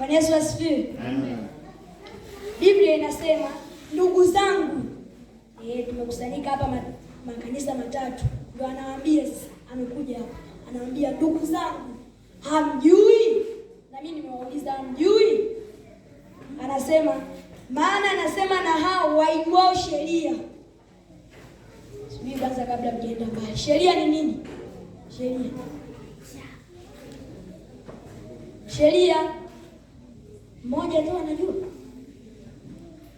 Bwana Yesu asifiwe. Biblia inasema ndugu zangu, eh, tumekusanyika hapa makanisa matatu, ndio anawaambia amekuja hapa anawaambia ndugu zangu, hamjui na mimi nimewauliza, hamjui? Anasema maana anasema na hao waigwao sheria. Sijui kwanza, kabla mjaenda mbali, sheria ni nini? Sheria sheria mmoja tu anajua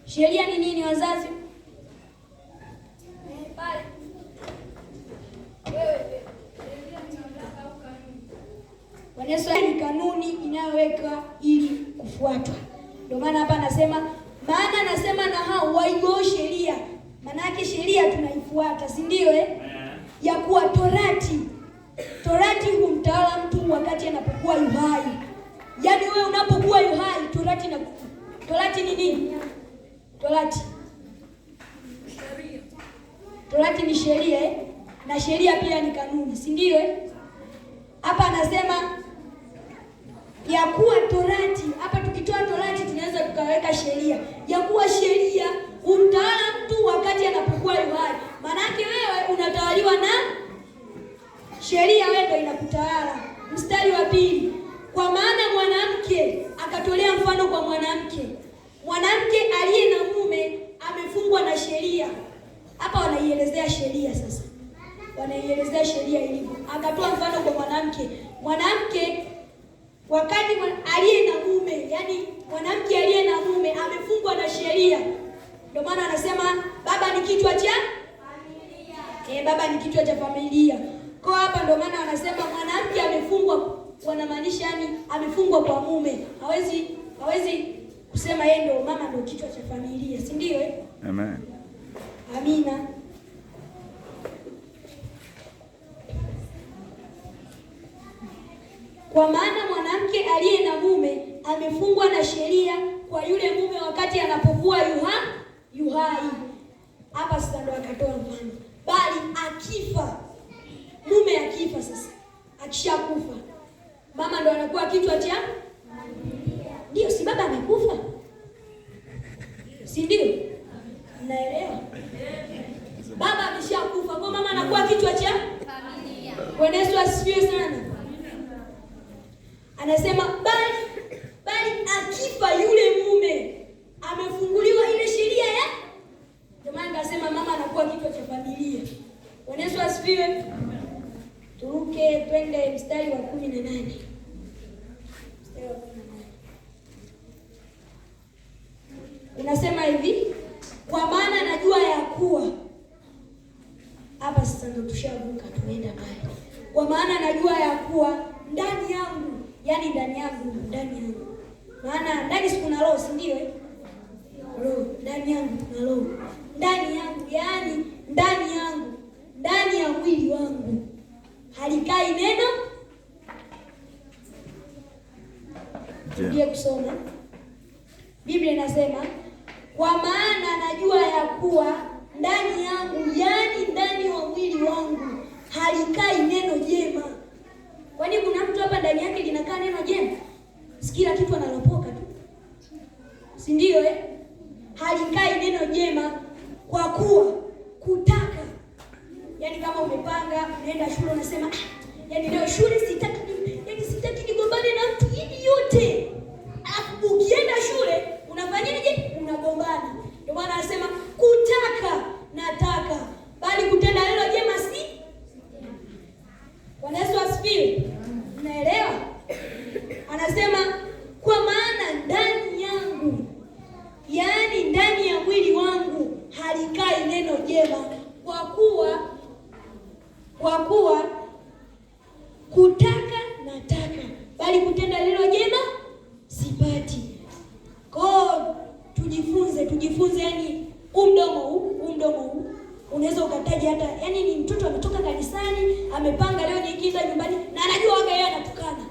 sheria ni nini, wazazi eh, ni kanuni inayowekwa ili kufuatwa. Ndio maana hapa anasema, maana anasema na hao waigoo sheria, maana yake sheria tunaifuata, si ndio eh? eh? ya kuwa torati torati humtawala mtu wakati anapokuwa yuhai Torati ni nini? Torati, Torati ni sheria eh? na sheria pia ni kanuni, si ndio? Eh? Hapa anasema ya kuwa Torati, hapa tukitoa Torati tunaweza tukaweka sheria, ya kuwa sheria umtawala mtu wakati anapokuwa yuhai. Maanake wewe unatawaliwa na sheria, wewe ndio inakutawala. Mstari wa pili, kwa maana mwanamke akatolea mfano kwa mwanamke mwanamke aliye na mume amefungwa na sheria. Hapa wanaielezea sheria sasa, wanaielezea sheria ilivyo. Akatoa mfano kwa mwanamke, mwanamke wakati aliye na mume, yani mwanamke aliye na mume amefungwa na sheria. Ndio maana anasema baba ni kichwa cha familia. E, baba ni kichwa cha familia. Kwa hapa ndio maana wanasema mwanamke amefungwa, wanamaanisha yani amefungwa kwa mume, hawezi hawezi kusema yeye ndio mama ndio kichwa cha familia, si ndio eh? Amen. Amina. Kwa maana mwanamke aliye na mume amefungwa na sheria kwa yule mume wakati anapokuwa yuha yuhai. Hapa sasa ndo akatoa mfano, bali akifa mume, akifa sasa, akishakufa mama ndo anakuwa kichwa cha si baba amekufa, si ndio? Naelewa baba ameshakufa, kwa mama anakuwa kichwa cha Bwana Yesu asifiwe sana. Anasema bali bali akifa yule mume amefunguliwa ile sheria ya jamani, nasema mama anakuwa kichwa cha familia. Bwana Yesu asifiwe. Turuke twende mstari wa kumi na nane. inasema hivi, kwa maana najua ya kuwa hapa sasa ndio tushavuka, tunaenda pale. Kwa maana najua ya kuwa ndani yangu, yani ndani yangu, ndani yangu, maana ndani siku na roho, si ndio? Eh? Roho ndani yangu, kuna roho ndani yangu, yani ndani yangu, ndani ya mwili wangu halikai neno. yeah. kusoma Biblia inasema kwa maana najua ya kuwa ndani yangu, yaani ndani ya mwili wangu halikai neno jema. Kwani kuna mtu hapa ndani yake linakaa neno jema? Sikila kitu analopoka tu, si ndio eh? Halikai neno jema, kwa kuwa kutaka, yaani kama umepanga unaenda shule unasema, yaani leo shule sitaki Kutaka nataka, bali kutenda lilo jema sipati. Kwa tujifunze, tujifunze. Yani huu mdomo huu, huu mdomo huu unaweza ukataja hata, yani ni mtoto ametoka kanisani, amepanga leo nikienda nyumbani na anajua waga yeye anatukana,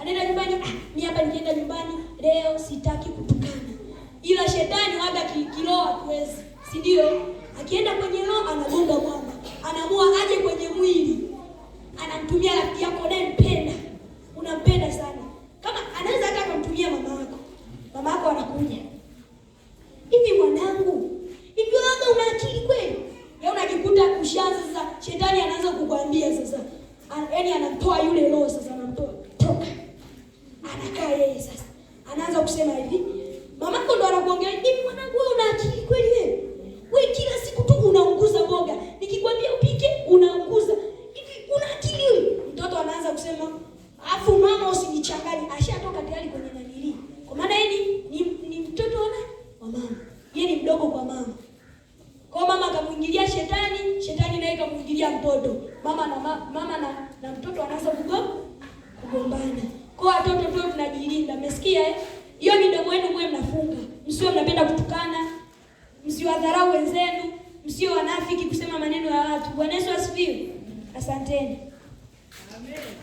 anaenda nyumbani, ah, mimi hapa nikienda nyumbani leo sitaki kutukana, ila shetani waga kiroho hatuwezi, si ndio? Akienda kwenye roho anagonga mwamba, anaamua aje kwenye mwili kumtumia rafiki yako unayempenda, unampenda sana, kama anaweza hata kumtumia mama yako, mama yako anakuja hivi, mwanangu, hivi wewe una akili kweli? Yeye yaani unajikuta ushaanza sasa, shetani anaanza kukwambia sasa, yaani anatoa yule roho sasa, anamtoa toka, anakaa yeye sasa, anaanza kusema hivi mama. Kwa mama akamuingilia shetani, shetani naye kamuingilia mtoto. Mama na mama na, na mtoto anaanza kugombana. Kwa watoto tu tunajilinda. Mmesikia eh? Hiyo midomo yenu mwe mnafunga. Msio mnapenda kutukana. Msio wadharau wenzenu. Msio wanafiki kusema maneno ya watu. Bwana Yesu asifiwe. Asanteni. Amen.